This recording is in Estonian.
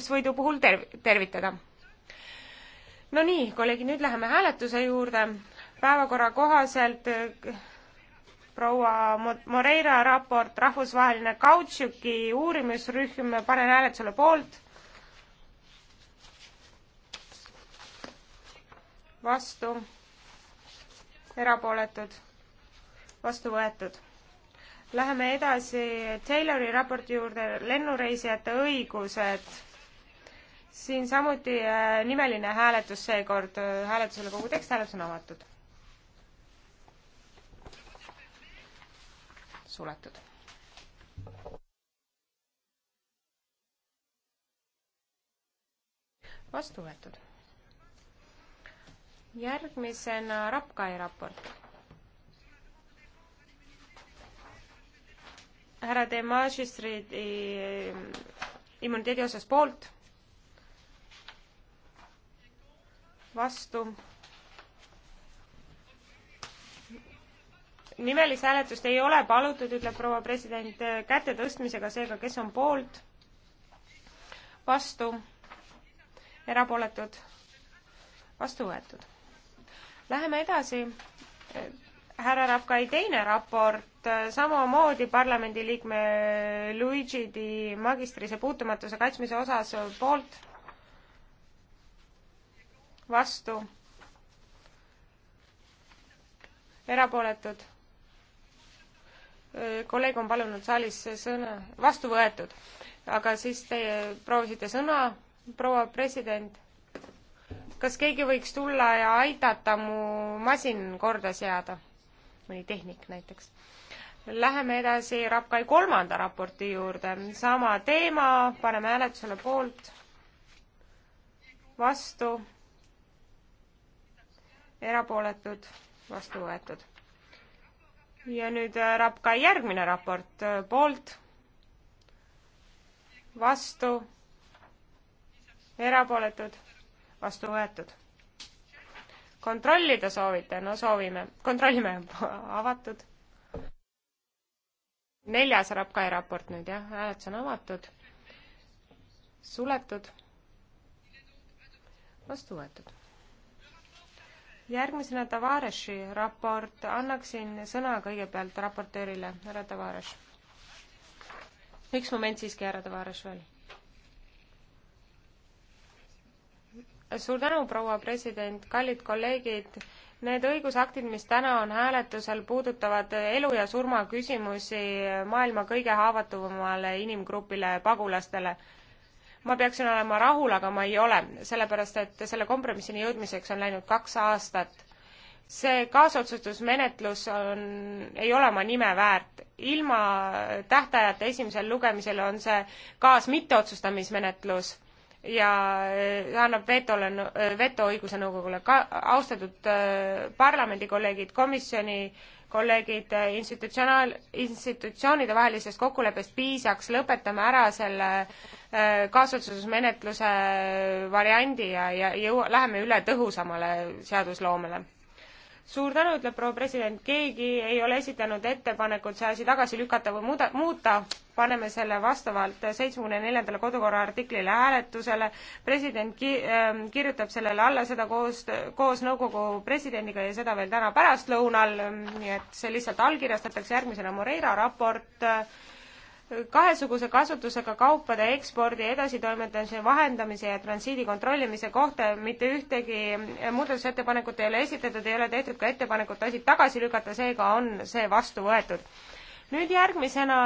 sirgusvõidu puhul ter-, tervitada. no nii, kolleegid, nüüd läheme hääletuse juurde. päevakorra kohaselt äh, proua Moreira raport Rahvusvaheline kautšuki uurimisrühm, panen hääletusele poolt. vastu, erapooletud, vastu võetud Läheme edasi Taylori raporti juurde lennureisijate õigused siin samuti äh, nimeline hääletus seekord, äh, hääletusele kogu tekst, hääletus on avatud. suletud. vastu võetud. järgmisena Rapkai raport. härra Demagistri äh, immuniteedi osas poolt vastu. nimelist hääletust ei ole palutud, ütleb proua president käte tõstmisega, seega kes on poolt, vastu, erapooletud, vastu võetud. Läheme edasi. härra Rapkai teine raport, samamoodi parlamendiliikme Luigi Di magistrise puutumatuse kaitsmise osas poolt vastu, erapooletud. kolleeg on palunud saalis sõna, vastu võetud, aga siis teie proovisite sõna, proua president. kas keegi võiks tulla ja aidata mu masin korda seada? mõni tehnik näiteks. Läheme edasi RAPKAI kolmanda raporti juurde, sama teema, paneme hääletusele poolt, vastu erapooletud, vastu võetud. ja nüüd rap-, ka järgmine raport, poolt, vastu, erapooletud, vastu võetud. kontrollida soovite? no soovime, kontrollime, avatud. neljas RAPKAI raport nüüd jah, hääletus on avatud, suletud, vastu võetud järgmisena Tavaresi raport, annaksin sõna kõigepealt raportöörile, härra Tavares. üks moment siiski, härra Tavares veel. suur tänu, proua president, kallid kolleegid need õigusaktid, mis täna on hääletusel, puudutavad elu ja surma küsimusi maailma kõige haavatavamale inimgrupile, pagulastele ma peaksin olema rahul, aga ma ei ole, sellepärast et selle kompromissini jõudmiseks on läinud kaks aastat. see kaasotsustusmenetlus on, ei ole oma nime väärt. ilma tähtajata esimesel lugemisel on see kaas mitteotsustamismenetlus ja eh, annab vetole, eh, vetoõiguse nõukogule. ka austatud eh, parlamendikolleegid, komisjoni kolleegid, institutsionaal, institutsioonide vahelisest kokkuleppest piisaks, lõpetame ära selle kaasotsusmenetluse variandi ja, ja jõu-, läheme üle tõhusamale seadusloomele suur tänu, ütleb proua president, keegi ei ole esitanud ettepanekut see asi tagasi lükata või muuda, muuta. paneme selle vastavalt seitsmekümne neljandale kodukorra artiklile hääletusele. president ki-, äh, kirjutab sellele alla seda koos, koos nõukogu presidendiga ja seda veel täna pärastlõunal, nii et see lihtsalt allkirjastatakse, järgmisena Moreira raport äh, kahesuguse kasutusega kaupade ekspordi edasitoimetamise vahendamise ja transiidi kontrollimise kohta mitte ühtegi muudatusettepanekut ei ole esitatud, ei ole tehtud ka ettepanekut asi tagasi lükata, seega on see vastu võetud. nüüd järgmisena